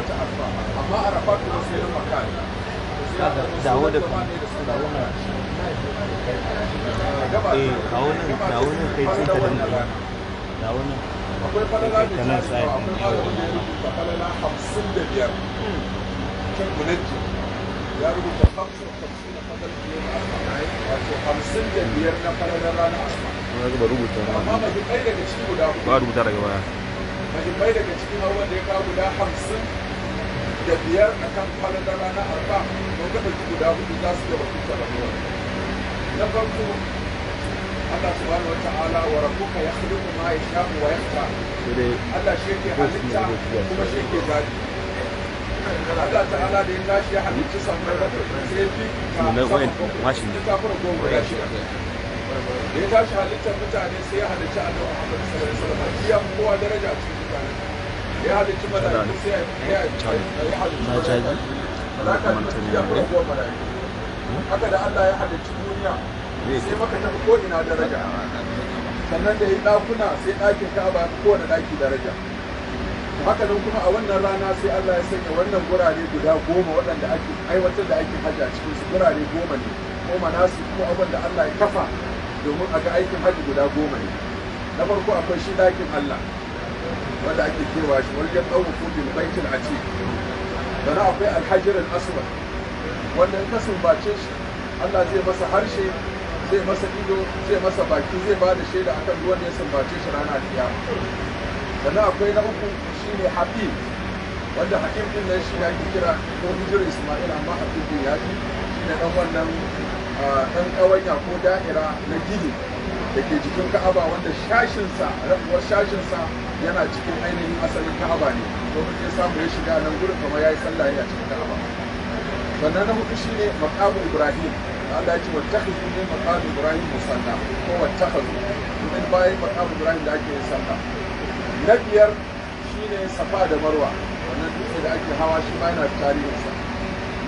amma arafat kuma sai na makani da kuma dawo na kai sun da dan da nan akwai falala da ta nan sai falala hamsin da biyar kan munajji ya rubuta hamsin hamsin na falala biyar wato hamsin da biyar na falala rana asma ba rubuta amma ba daga ciki guda ba rubuta daga baya ba daga cikin hawan da ya kawo guda hamsin da biyar a kan kwanan rana arba don gaba ɗauki guda hudu za su yawa kuka da ruwa na farko Allah subhanahu wa ta'ala wa rabbuka yakhluqu ma yasha'u wa yaqta Allah shi ke halitta kuma shi ke zabi Allah ta'ala da ya tashi ya halitta sannan sai ya fifita sannan ta fara goma ya shi da ya tashi halittar mutane sai ya halitta a Muhammad sallallahu alaihi wasallam ya kowa daraja cikin mutane ya halicci mala'iku sai za ka haka da Allah ya duniya sai maka daraja sannan da ya ɗakuna sai ɗakin ka'aba kowane ɗaki daraja haka nan kuma a wannan rana sai Allah ya sanya wannan gurare guda goma waɗanda ake aiwatar da ake hajji a cikin su gurare goma ne ko manasu ko abin da Allah ya kafa domin a ga aikin hajji guda goma ne na farko akwai shi ɗakin Allah wanda ake kewa shi wajen ɗau kudin baitin a ce da akwai alhajirin aswad wanda in ka sumbace shi allah zai masa harshe zai masa ido zai masa baki zai ba da shaida akan ruwan da ya sumbace shi rana biya sannan akwai na uku shine Habib. wanda hakim din nan shi ake kira ko hijir ismail amma hakim din ya fi shi ne ɗan wannan ah, ɗan ƙawanya ko da'ira na gini da ke cikin ka'aba wanda shashinsa rabuwar shashinsa yana cikin ainihin asalin ka'aba ne domin ya samu ya shiga nan gurin kamar ya yi sallah a cikin ka'aba sannan na hudu ne makamu ibrahim Allah ya ce wattakhidhu ne makamu ibrahim musanna ko wattakhadhu domin bayan makamu ibrahim da ake yin sallah na biyar ne safa da marwa wannan dutse da ake hawa shi ma yana tarihinsa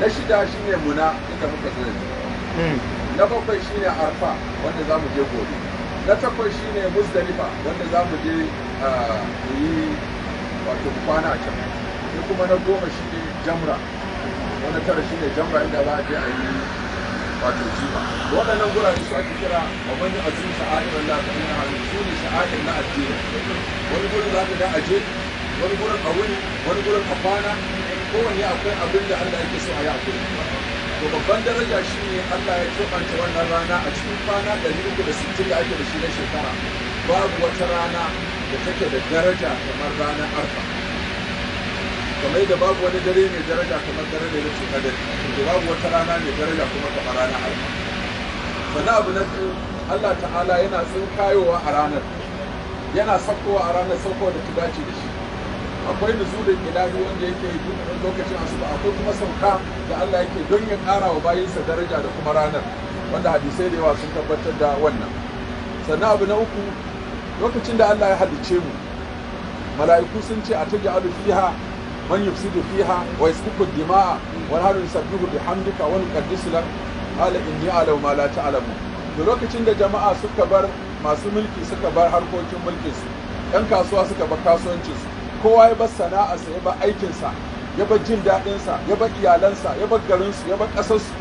na shida ne muna inda muka zo hmm. na bakwai ne arfa wanda za mu je gobe na takwas shine muzdalifa wanda za mu je a yi wato kwana a can sai kuma na goma shi ne jamra wanda tara shi ne jamra inda za a je a yi wato jima waɗannan gurare su ake kira a wani azin sha'adar Allah ta ina hannu su ne sha'adar na addini wani gurin za ka ga aje wani gurin a wuni wani gurin a kwana kowanne akwai abin da Allah yake so a yi a kullum to babban daraja shi ne Allah ya keɓanta wannan rana a cikin kwana da liku da sittin da ake da shi na shekara babu wata rana da take da daraja kamar ranar arfa kamar da babu wani dare mai daraja kamar dare da yake kadar da babu wata rana mai daraja kuma kamar ranar arfa sana abu na biyu Allah ta'ala yana tsinkayowa a ranar yana saukowa a ranar saukowa da ta dace da shi akwai nuzulin ilahi wanda yake yi duk lokacin asuba akwai kuma sauka da Allah yake don ya ƙara wa bayinsa daraja da kuma ranar wanda hadisai da yawa sun tabbatar da wannan sannan abu na uku lokacin da Allah ya halicce mu mala'iku sun ce a alu fiha man yufsidu fiha wa yasfuku dima'a wa haru yusabbihu bihamdika wa nuqaddisu lak ala inni a'lamu ma la ta'lamu da lokacin da jama'a suka bar masu mulki suka bar harkokin mulkin su yan kasuwa suka bar kasuwancin su kowa ya bar sana'arsa ya ba aikinsa ya bar jin daɗinsa ya bar iyalansa ya bar garinsu ya bar ƙasarsu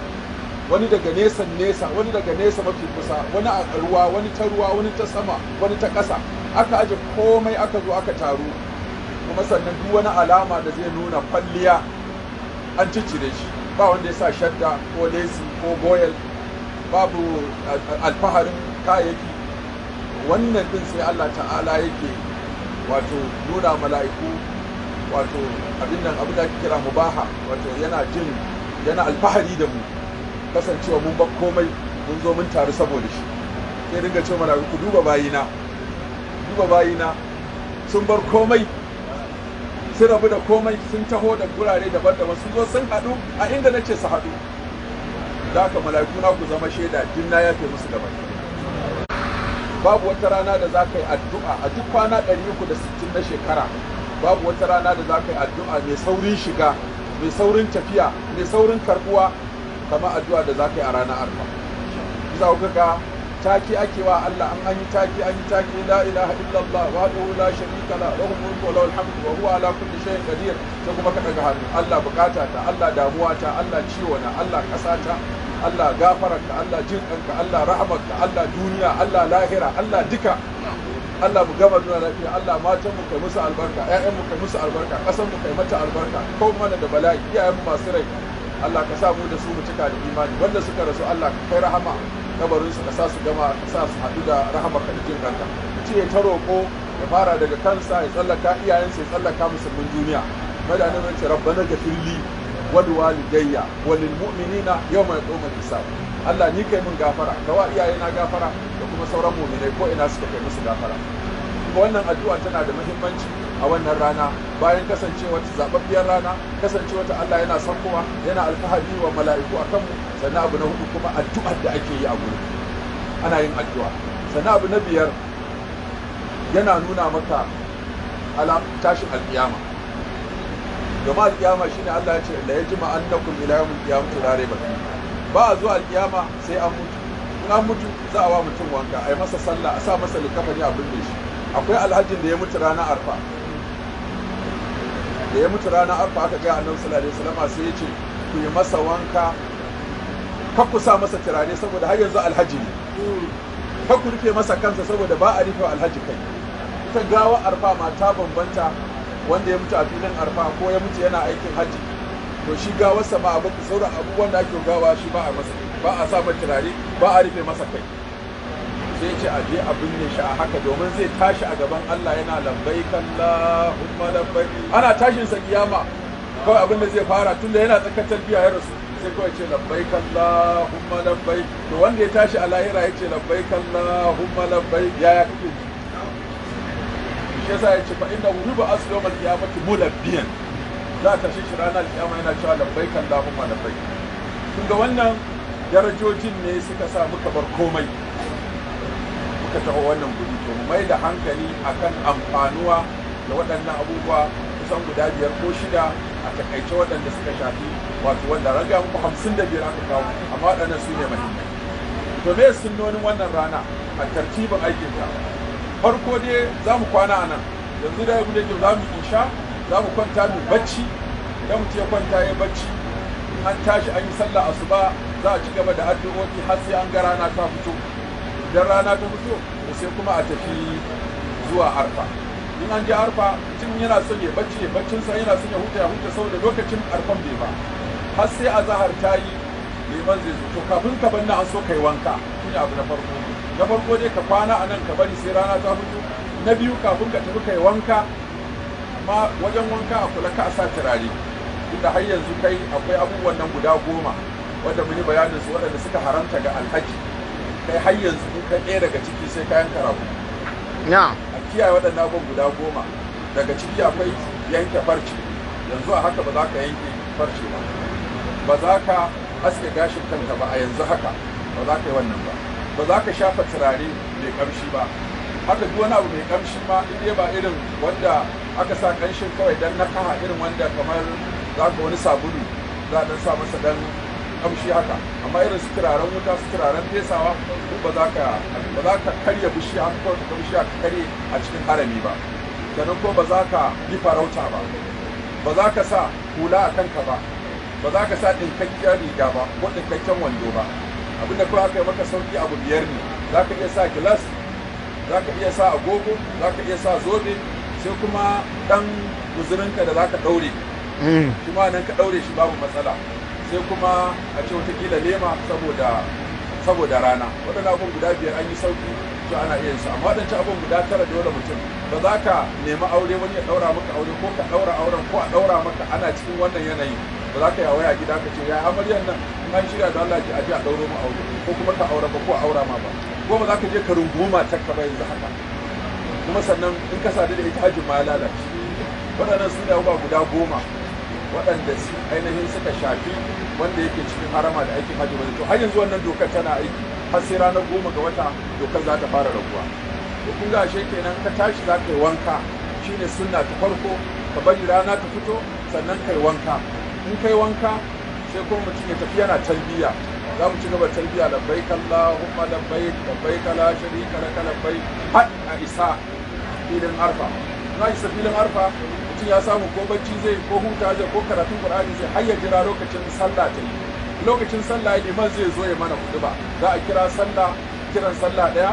wani daga nesa nesa wani daga nesa mafi kusa wani a ruwa wani ta ruwa wani ta sama wani ta ƙasa aka aje komai aka zo aka taru kuma sannan duk wani alama da zai nuna kwalliya an ciccire shi ba wanda ya sa shadda ko lesi ko boyel babu alfaharin kayayyaki wannan din sai Allah ta'ala yake wato nuna mala'iku wato abin nan abin da ake kira mubaha wato yana jin yana alfahari da mu kasancewa mun ba komai mun zo mun taru saboda shi sai dinga ce mala'iku ku duba bayina duba bayina sun bar komai sun rabu da komai sun taho da gurare daban-daban sun zo sun haɗu a inda nace su haɗu da haka mala'iku na ku zama shaida jinna ya yafe musu gabata babu wata rana da za ka yi addu'a a duk kwana 360 na shekara babu wata rana da za ka yi addu'a mai saurin shiga mai saurin tafiya mai saurin karbuwa kama addu'a da za ka yi a rana arba za ku ga taki ake wa Allah an an yi taki an yi taki. la ilaha illallah wa la sharika la lahu mulku wa lahu alhamdu wa huwa ala kulli shay'in qadir sai kuma ka daga hannu Allah bukata ta Allah damuwa ta Allah ciwo na Allah ta Allah gafararka Allah jin Allah rahamarka Allah duniya Allah lahira Allah duka Allah mu gama duniya lafiya Allah matan mu kai musu albarka ƴaƴan mu kai musu albarka ƙasar mu kai mata albarka ko mana da bala'i iyayen mu masu rai Allah ka sa mu da su mu cika da imani wanda suka rasu Allah ka kai rahama kabarin su ka sa su gama ka sa su haɗu da rahamarka da jin ɗanka ce ta roƙo ya fara daga kansa ya tsallaka iyayensa ya tsallaka musulmin duniya madanin ce rabbana gafirli wal walidayya yawma yaqumul hisab Allah ni kai mun gafara wa iyaye na gafara da kuma sauran mu'minai ko ina suka kai musu gafara wannan addu'a tana da muhimmanci a wannan rana bayan kasancewa ta zababbiyar rana kasancewa ta Allah yana san kowa yana alfahari wa mala'iku akan mu sannan abu na hudu kuma addu'ar da ake yi a gurin ana yin addu'a sannan abu na biyar yana nuna maka alam tashin alkiyama yawma shi shine Allah ya ce la yajma annakum ila yawmil qiyamati la rayba ba zuwa alƙiyama sai an mutu in an mutu za a wa mutum wanka a masa sallah a sa masa likafani a bude shi akwai alhajin da ya mutu rana arfa da ya mutu rana arfa aka ga annabi sallallahu alaihi wasallam sai ya ce ku yi masa wanka Ka ku sa masa turare saboda har yanzu alhaji ne Ka ku rufe masa kansa saboda ba a rufe alhaji kai ita gawa arfa ma ta bambanta wanda ya mutu a filin arfa ko ya mutu yana aikin hajji to shi gawarsa ma abin sauran abubuwan da ake gawa shi ba a masa ba a sa turare ba a rufe masa kai sai ce a je a binne shi a haka domin zai tashi a gaban Allah yana lambai kallahumma lambai ana tashin sa kiyama kawai abin da zai fara tunda yana tsakatar biya ya rasu sai kawai ce labbai kallahumma labbai to wanda ya tashi a lahira ya ce labbai kallahumma labbai yaya kake ji yasa ya ce fa inna hu yuba asu yawmal qiyamati mulabbiyan za ta shi shi ranar kiyama yana cewa labbaik allahumma labbaik Tun ga wannan darajojin ne suka sa muka bar komai muka taho wannan guri to mai da hankali akan amfanuwa da waɗannan abubuwa kusan guda biyar ko shida a takaice waɗanda suka shafi wato wanda raga muku hamsin da biyar aka kawo amma waɗannan su ne muhimmai to me sunnonin wannan rana a tartibin aikin ta farko dai za mu kwana a nan yanzu da yadda yake za mu isha za mu kwanta mu bacci idan mutum ya kwanta ya bacci an tashi an yi sallah asuba za a ci gaba da addu'o'i har sai an ga rana ta fito idan rana ta fito sai kuma a tafi zuwa arfa in an ji arfa mutum yana son ya bacci ya baccin sa yana son ya huta ya huta saboda lokacin arfan bai ba har sai zahar ta yi neman zai zo to kafin ka banna an so kai wanka ne abu na farko na farko dai ka kwana a nan ka bari sai rana ta fito na biyu kafin ka tafi kai wanka amma wajen wanka a kula ka a sa turare inda har yanzu kai akwai abubuwan nan guda goma wanda muni bayanin su waɗanda suka haramta ga alhaji kai har yanzu in ka ɗaya daga ciki sai kayan karabu na a kiyaye waɗanda abubuwan guda goma daga ciki akwai yanke farce yanzu a haka ba za ka yanke farce ba ba za ka haske gashin kanka ba a yanzu haka ba za ka yi wannan ba ba za ka shafa turare mai kamshi ba haka duk wani abu mai kamshi ma in ba irin wanda aka sa kanshin kawai dan na kaha irin wanda kamar za ka wani sabulu za a dan sa masa dan kamshi haka amma irin su turaren wuta su turaren fesawa duk ba za ka ba za ka karya bishiya haka ko ka bishiya ka karye a cikin harami ba sannan ko ba za ka yi farauta ba ba za ka sa hula a kanka ba ba za ka sa ɗinkakkiyar riga ba ko ɗinkakken wando ba abin da kawai aka yi maka sauki abu biyar ne za ka iya sa gilas za ka iya sa agogo za ka iya sa zobe sai kuma dan guzurinka da za ka ɗaure kuma mm. nan ka ɗaure shi babu matsala sai kuma a ce watakila lema saboda rana waɗannan abin guda biyar an yi sauki to ana iya su amma wadancan abin guda tara dole mutum ba za ka nemi aure wani ya daura maka aure ko ka daura auren ko a daura maka ana cikin wannan yanayi ba za ka yi waya gida ka ce ya amaryan nan in an shirya da Allah ki aje a dauro mu aure ko kuma ka aure ba ko aura ma ba ko ba za ka je ka runguma ta ka ba yanzu haka kuma sannan in ka sadu da ita haji ma ya lalace waɗannan su ne guda goma waɗanda ainihin suka shafi wanda yake cikin harama da aikin hajji to har yanzu wannan dokar tana aiki har sai ranar goma ga wata dokar za ta fara raguwa to kun ga ashe kenan ka tashi za ka yi wanka shine sunna ta farko ka bari rana ta fito sannan ka yi wanka in ka yi wanka sai kuma mutum ya tafi yana talbiya za mu ci gaba talbiya labbai kallahumma labbai labbai kala sharika laka labbai har a isa filin arfa na isa filin arfa mutum ya samu ko bacci zai ko huta ko karatun qur'ani zai har ya jira lokacin sallah ta yi lokacin sallah Iman zai zo ya mana kudu ba za a kira sallah kiran sallah daya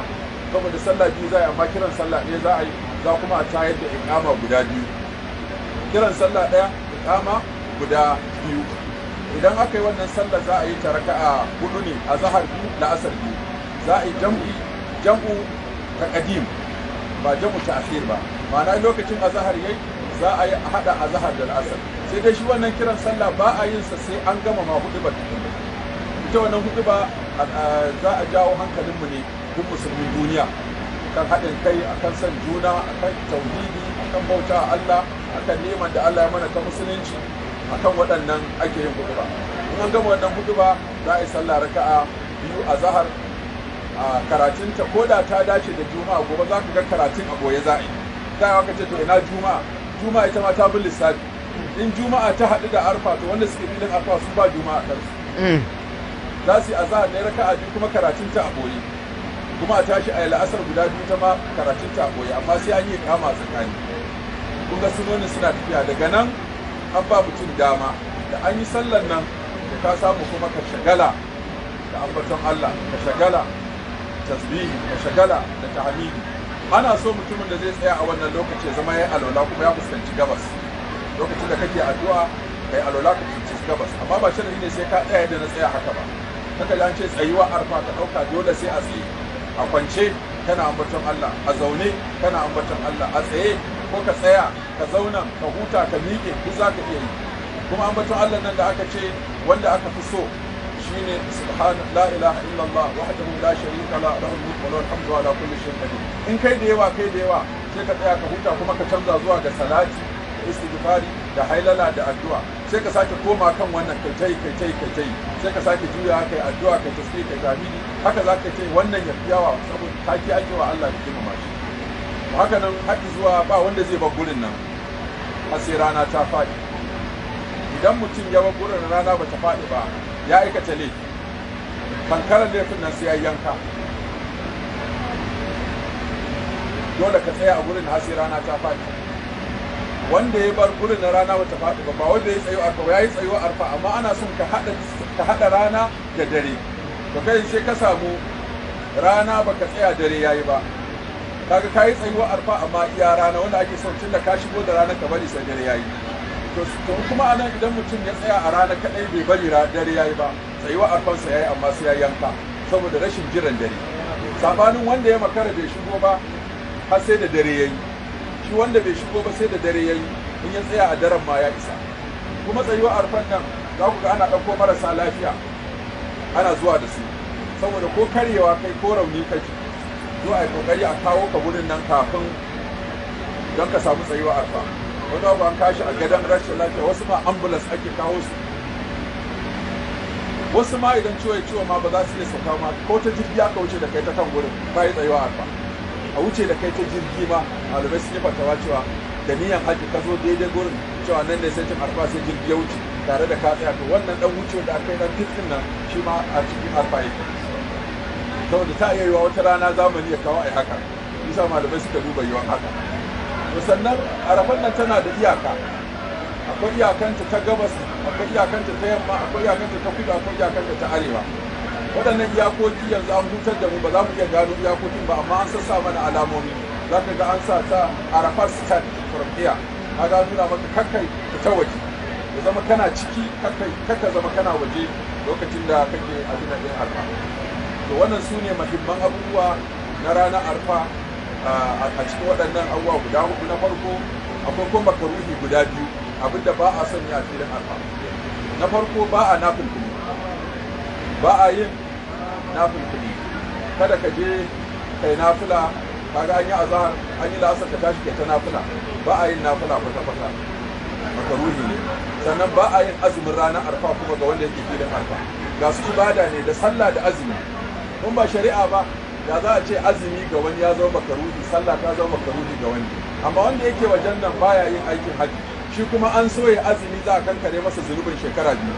saboda sallah biyu za a yi amma kiran sallah ɗaya za a yi za kuma a tayar da ikama guda biyu kiran sallah daya ikama guda biyu idan aka yi wannan sallah za a yi ta raka'a hudu ne a zahar biyu da asar biyu za a yi jam'i jam'u kadim ba jam'u ta asir ba ma'ana lokacin azhar yayi za a yi hada azhar da asar sai dai shi wannan kiran sallah ba a yin sa sai an gama ma hudu ba ita wannan hudu ba za a jawo hankalinmu ne duk musulmin duniya kan haɗin kai akan san juna akan tauhidi akan bauta Allah akan neman da Allah ya mana ta musulunci akan waɗannan ake yin hudu ba in an gama wannan hudu ba za a yi sallah raka'a biyu a zahar a karatunta ko da ta dace da juma'a gobe za ka ga karatun a goye za a yi ce to ina juma'a juma'a ita ma ta bi lissafi in juma'a ta haɗu da arfa to wanda suke filin arfa su ba juma'a kansu mm. za su yi azahar ne raka'a biyu kuma karatun ta a boye kuma a tashi a yi la'asar guda biyu ta ma karatun ta a boye amma sai an yi kama tsakani kun ga sunonin suna tafiya daga nan an ba mutum dama da an yi sallan nan da ka samu kuma ka shagala da ambaton Allah ka shagala tasbihi ka shagala da tahmidi ana so mutumin da zai tsaya a wannan lokaci zama ya alwala kuma ya fuskanci gabas lokacin da kake addu'a kai alwala ka fuskanci gabas amma ba sharadi ne sai ka tsaya da na tsaya haka ba kaka da an ce tsayuwa arfa ka ɗauka dole sai a tsaye a kwance kana ambaton Allah a zaune kana ambaton Allah a tsaye ko ka tsaya ka zauna ka huta ka miƙe duk za ka iya yi kuma ambaton Allah nan da aka ce wanda aka fi so shine subhan la ilaha illallah wahdahu la sharika la lahu mulku wa lahu hamdu ala kulli shay'in in kai da yawa kai da yawa sai ka tsaya ka huta kuma ka canza zuwa ga salati istighfari da hailala da addu'a sai ka sake koma kan wannan kai tai kai tai kai tai sai ka sake juya kai addu'a kai tasbih kai tahmidi haka zaka ce wannan ya fiyawa saboda taki ake wa Allah da girmama shi haka nan haɗi zuwa ba wanda zai bar gurin nan har sai rana ta faɗi idan mutum ya bar gurin rana ba ta faɗi ba ya aikata laifi kankarar laifin nan sai ya yanka dole ka tsaya a gurin har sai rana ta faɗi wanda ya bar gurin na rana wata faɗi ba ba wanda ya tsayo arfa ya yi tsayo arfa amma ana son ka haɗa rana da dare to kai sai ka samu rana baka tsaya dare yayi ba kaga ka yi tsayuwa arfa amma iya rana wanda ake son tunda ka shigo da rana ka bari sai dare yayi to kuma anan idan mutum ya tsaya a rana kadai bai bari dare yayi ba tsayuwa arfansa yayi amma sai ya yanka saboda rashin jiran dare sabanin wanda ya makara bai shigo ba har sai da dare yayi ɗauki wanda bai shigo ba sai da dare ya yi in ya tsaya a daren ma ya isa kuma tsayuwa arfan nan za ku ga ana ɗauko marasa lafiya ana zuwa da su saboda ko karyewa kai ko rauni ka ji zo a yi kokari a kawo ka wurin nan kafin don ka samu tsayuwa arfa wani abu an kashi a gadon rashin lafiya wasu ma ambulance ake kawo su wasu ma idan ciwo ya ciwo ma ba za su iya sauka ma ko ta jirgi aka wuce da kai ta kan wurin ba yi tsayuwa arfa a wuce da kai ta jirgi ma malamai sun yi fatawa cewa da niyan hajji ka zo daidai gurin cewa nan ne sai cin arfa sai jirgi ya wuce tare da ka tsaya to wannan dan wucewa da aka yi dan titin nan shi ma a cikin arfa yake saboda ta iya yiwa wata rana zamani ya kawo a haka bisa malamai suka duba yiwuwar haka sannan arafan nan tana da iyaka akwai iyakanta ta gabas akwai iyakanta ta yamma akwai iyakanta ta kudu akwai iyakanta ta arewa waɗannan iyakoki yanzu an hutar da mu ba za mu iya gano iyakokin ba amma an sassa mana alamomi za ka ga an sa ta arafat stand from here ka ga nuna maka kakai ta waje ya zama kana ciki kakai kaka zama kana waje lokacin da kake a gina ɗin arfa to wannan su ne mahimman abubuwa na ranar arfa ah, a cikin waɗannan abubuwa guda hudu na farko akwai kuma makaruhi guda biyu abinda ba a sanya a filin arfa na farko ba a nafin ba a yin na kada ka je kai nafula, kaga an yi azhar an yi la'asar ka tashi ke ta nafula, ba a yin nafila kwata kwata ruhi ne sannan ba a yin azumin ranar arfa kuma ga wanda yake filin arfa ga su ibada ne da sallah da azumi kun ba shari'a ba da za a ce azumi ga wani ya zama ruhi, sallah ta zama ruhi ga wani amma wanda yake wajen nan baya yin aikin haji shi kuma an so ya azumi za a kankare masa zunubin shekara biyu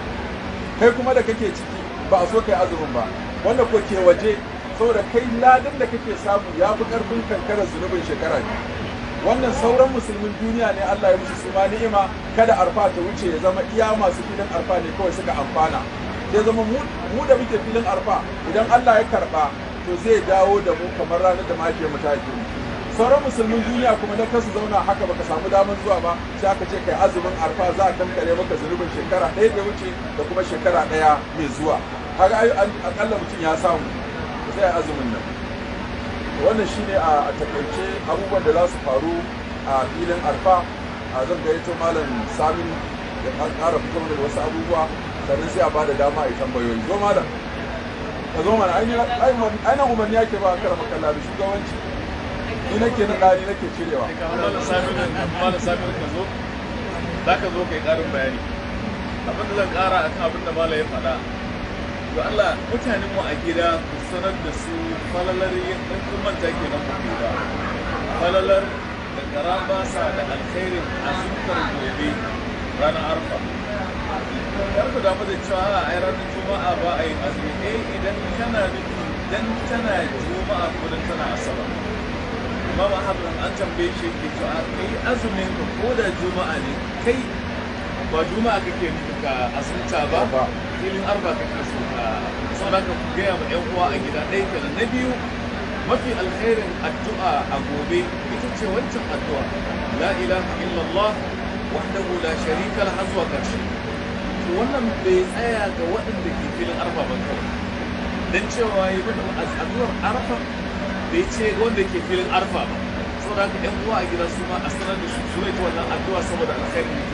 kai kuma da kake ciki ba a so kai azumin ba wanda ko ke waje saboda kai ladin da kake samu ya fi karfin kankarar zunubin shekara ne wannan sauran musulmin duniya ne Allah ya musu suma ni'ima kada arfa ta wuce ya zama iya masu filin arfa ne kawai suka amfana ya zama mu da muke filin arfa idan Allah ya karba to zai dawo da mu kamar ranar da mahaifiyar mu sauran musulmin duniya kuma na kasu zauna haka baka samu damar zuwa ba sai aka ce kai azumin arfa za a kankare maka zunubin shekara ɗaya da wuce da kuma shekara ɗaya mai zuwa kaga akalla mutum ya samu sai azumin nan wannan shine a takaice abubuwan da za su faru a filin arfa a zan gayyato malam samin da ƙara fito da wasu abubuwa sannan sai a ba da dama a yi tambayoyi zo malam ka zo mana ainihin umarni ake ba a kara makalla da shugabanci ni nake na ɗari nake cirewa malam samin ka zo za ka zo kai ƙarin bayani abin da zan ƙara a kan abin da malam ya faɗa to Allah mutanen mu a gida ku sanar da su falalar yin kun manta kenan ku gida falalar da karaba sa da alkhairin azumtar gobe ranar arfa kar ku damu da cewa a ai ranar juma'a ba a yi azumi eh idan kana dan tana juma'a ko dan tana asabar imam ahmad an tambaye shi ke cewa kai azumin ko da juma'a ne kai ba juma'a kake ka asirta ba filin arba kake so ka saboda ka gaya ma yan uwa a gida ɗaya kenan na biyu mafi alkhairin addu'a a gobe ita ce wancan addu'a la ilaha illallah wahdahu la sharika la hazwa karshe to wannan bai tsaya ga waɗanda ke filin arba ba kawai dan cewa yi mana addu'ar arfa bai ce wanda ke filin arfa ba saboda ka yan uwa a gida su ma a sanar da su su ne ta wannan addu'a saboda alkhairin da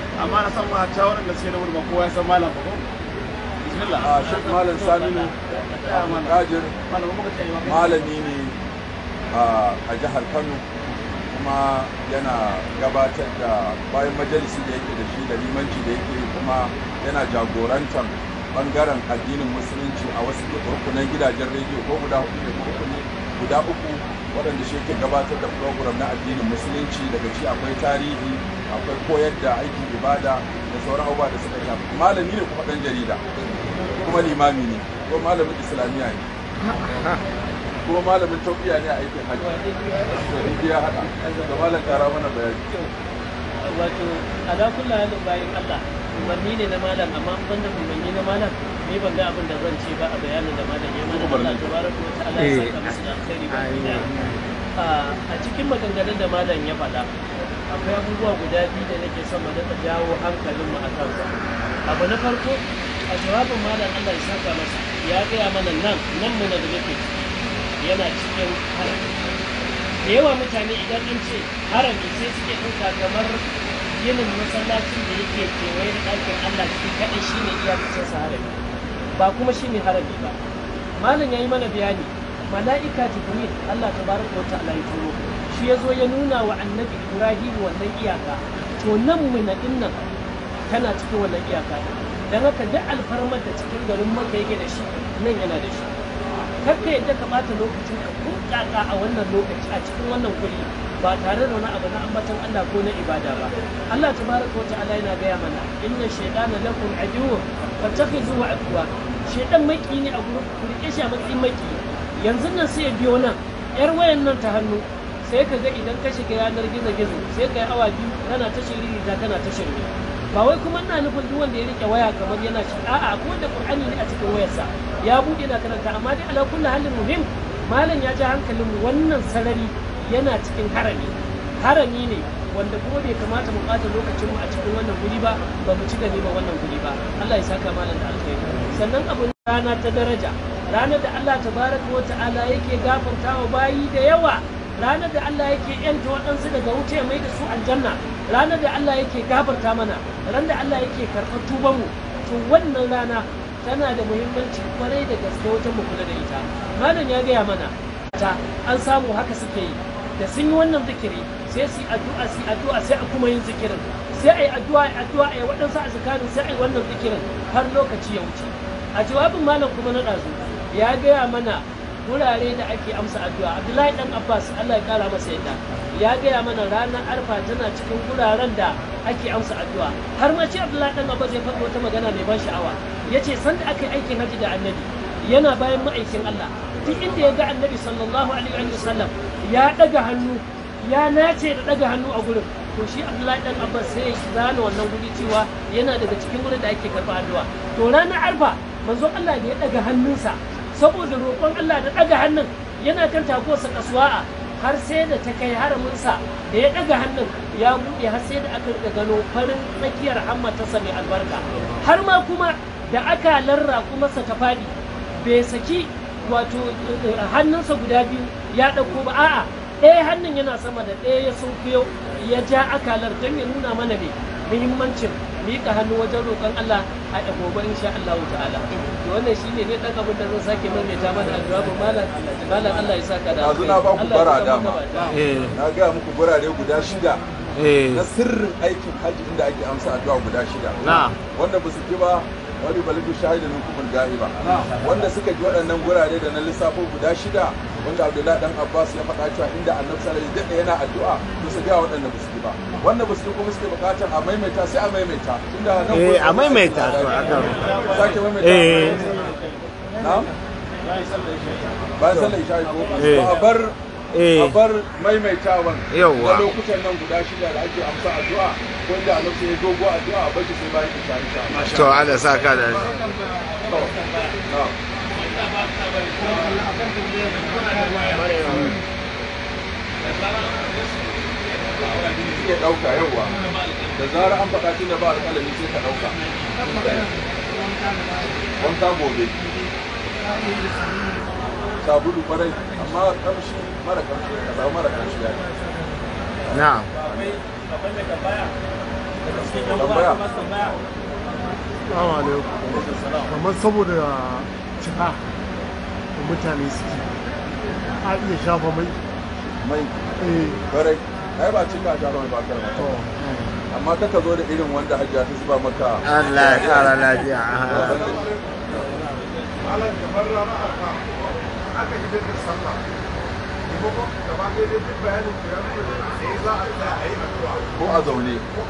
amma na san ma ta wurin da suke da wurin kowa ya san malam ba ko bismillah a ah, shek malam saminu ah, kajir malami ne ah, a jihar kano kuma yana gabatar da bayan majalisi da yake da shi da limanci da yake kuma yana jagorantar bangaren addinin musulunci a wasu rukunan gidajen rediyo ko guda uku guda uku waɗanda shi ke gabatar da program na addinin musulunci daga ci akwai tarihi akwai koyar da aikin ibada da sauran abubuwa da suka shafi malami ne kuma ɗan jarida kuma limami ne kuma malamin islamiyya ne kuma malamin tauƙiya ne a aikin hajji da ya haɗa da malam kara mana bayani wato ala kullu halin bayan Allah umarni ne na malam amma banda umarni na malam ni ban ga abin da zan ce ba a bayanin da malam ya mana Allah wa ta'ala ya saka eh. musu da alkhairi ba a cikin maganganun da malam ya faɗa akwai abubuwa guda biyu da nake son mu daɗa jawo mu a kansa abu na farko a jawabin malam Allah ya saka masa ya gaya mana nan nan mu da yake yana cikin da yawa mutane idan an ce harami sai suke ɗauka kamar ginin masallacin da yake kewaye da ɗakin Allah shi kaɗai shi ne iya sa harami ba kuma shine harabi ba malam yayi mana bayani mala'ika jibril Allah tabaraka wa ta'ala ya turo shi yazo ya nuna wa annabi ibrahim wannan iyaka to nan muna dinnan tana cikin wannan iyaka dan haka duk alfarmar da cikin garin maka yake da shi nan yana da shi kakka yadda ka bata lokacin ka kunkaka a wannan lokaci a cikin wannan kuri ba tare da wani abu na ambatan Allah ko na ibada ba Allah tabaraka wa ta'ala yana gaya mana inna shaytana lakum aduwwun fattafi zuwa akuwa shedan maki ne a gurin kurke shi a matsayin maki yanzu nan sai ya biyo nan yar wayan nan ta hannu sai ka ga idan ka shiga yanar gizo gizo sai ka yi awa biyu kana ta ta kana ta shirme ba wai kuma ina nufin duk wanda ya rike waya kamar yana shi a'a ko da qur'ani ne a cikin wayarsa ya buɗe na karanta amma dai ala kulli halin muhim malam ya ji hankalin mu. wannan sarari yana cikin harami harami ne wanda kuma bai kamata mu ɓata lokacin mu a cikin wannan guri ba ba mu ci gani ba wannan guri ba Allah ya saka malam da alkhairi sannan abu rana ta daraja ranar da Allah tabaraka wa ta'ala yake gafartawa bayi da yawa ranar da Allah yake yanta waɗansu daga wuce mai da su aljanna ranar da Allah yake gafarta mana ranar da Allah yake karɓar tubanmu to wannan rana tana da muhimmanci kwarai da gaske wajen mu kula da ita malam ya gaya mana ta an samu haka suke yi da sun yi wannan zikiri sai su addu'a su addu'a sai a kuma yin zikirin sai a yi addu'a a addu'a a yi waɗansu azkarin sai a yi wannan zikirin har lokaci ya wuce a jawabin malam kuma na ɗazu ya gaya mana wurare da ake amsa addu'a abdullahi dan abbas allah ya kara masa yadda ya gaya mana ranar arfa tana cikin wuraren da ake amsa addu'a har ma ce abdullahi dan abbas ya faɗi wata magana mai ban sha'awa ya ce sanda aka yi aikin haji da annabi yana bayan ma'aikin allah duk inda ya ga annabi sallallahu alaihi wa sallam ya ɗaga hannu ya nace da daga hannu a gurin to shi abdullahi dan abbas sai ya na wannan guri cewa yana daga cikin gurin da ake karɓa addu'a to ranar arfa manzo Allah da ya daga hannunsa saboda roƙon Allah da daga hannun yana kan takowarsa kasuwa har sai da ta kai haraminsa da ya daga hannun ya buɗe har sai da aka riga gano farin tsakiyar hammatarsa mai albarka har ma kuma da aka larra kuma sa ta fadi bai saki wato eh, eh, hannunsa guda biyu ya ɗauko ba a'a ɗaya hannun yana sama da ɗaya ya sunkuyo ya ja akalar don ya nuna mana ne muhimmancin miƙa hannu wajen roƙon Allah a gobe insha Allah ta'ala to wannan shine ne ɗan abin da zan sake maimaita mana addu'a ba malam Allah ya saka da yanzu na ba ku bara dama na ga muku gurare guda shida eh. na sirrin aikin hajji inda ake amsa addu'a guda shida wanda ba su ji ba wani balidu shahidu min kubul ba wanda suka ji waɗannan gurare da na lissafo guda shida wanda abdullahi dan abbas ya faɗa cewa inda annabi sallallahu alaihi wasallam yana addu'a to su ga waɗanda ba su ba wanda ba su ji kuma suke bukatar a maimaita sai a maimaita tunda nan eh a maimaita to aka sake maimaita eh bayan sallar isha ko eh. a bar Eh. a bar maimaitawan na lokutan nan guda shida da ake amsa addu'a wanda a lokacin ya dogo addu'a a bashi sai bayan isha insha to Allah sa ka da iya yawa da zara an faɗa tun ba alƙalami sai ka ɗauka wanka gobe sabulu kwarai amma mara ƙarfi mara ya Assalamu alaikum. Kamar saboda cika da mutane suke a iya shafa mai. Mai? Eh. Barai. Ai ba cika shafa mai ba karma. Eh. amma kaka zo da irin wanda hajja ta zuba maka Allah ya kara lafiya aka da sallah maimakon za ko a zaune ko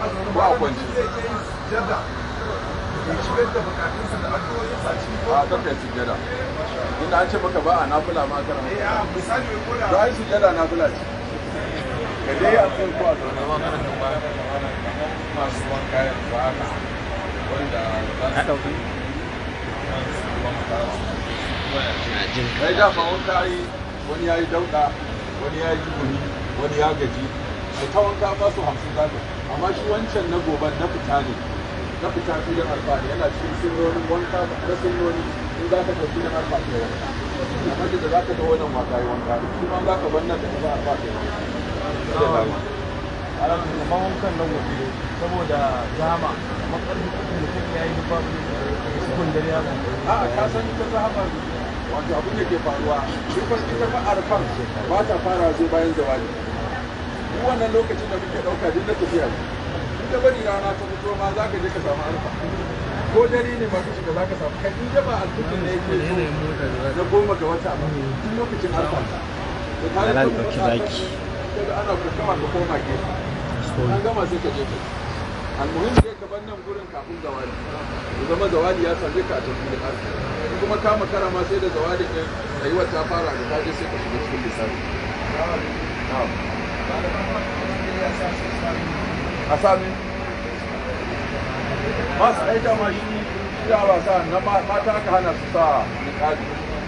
a wani ya yi dauɗa wani ya yi jihuri wani ya gaji da ta wanka ba su hamsin zaka amma shi wancan na gobe na fita ne na fita filin alfahari yana cikin sirrorin wanka na sirrori in za ka tafi filin alfahari ya wanka amma da za ka ga wannan waka yi wanka kuma za ka ban nan da za a alfahari ya wanka alamun bawon kan na gobe saboda dama makarfi mutum ya yi duba a kasan ita zama wato abin da ke faruwa shi fa ita fa ba ta fara zo bayan jawabi duk wannan lokacin da muke ɗauka duk na tafiya ne da bari rana ta fito ma za ka je ka samu arfa ko dare ne masu shiga za ka samu kai in jaba ba alfitin ne yake so na goma ga wata ba duk lokacin arfa da ta yi kuma ana kokama ka koma gefe an gama sai ka je ka almuhim zai gaban nan gurin kafin zawadi, ya zama zawali ya same ka a cikin arziki kuma ka makara ma sai da zawalin ya rayuwar ta fara da kaje sai ka shiga cikin lissafi a sami masu aita ma shi da wasa na mata ka hana su sa niƙali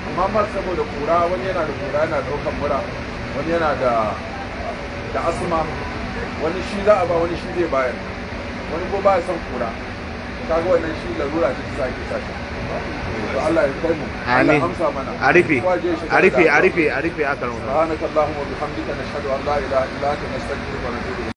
amma masu saboda kura wani yana da kura yana ɗaukan mura wani yana da asma wani shi za a ba wani shi zai bayar wani ko ba ya son kura kaga wannan shi larura ce ta sake sake to Allah ya kai mu Allah amsa mana a rufe a rufe a rufe a rufe a karon subhanakallahumma wa bihamdika nashhadu an la ilaha illa anta nastaghfiruka wa natubu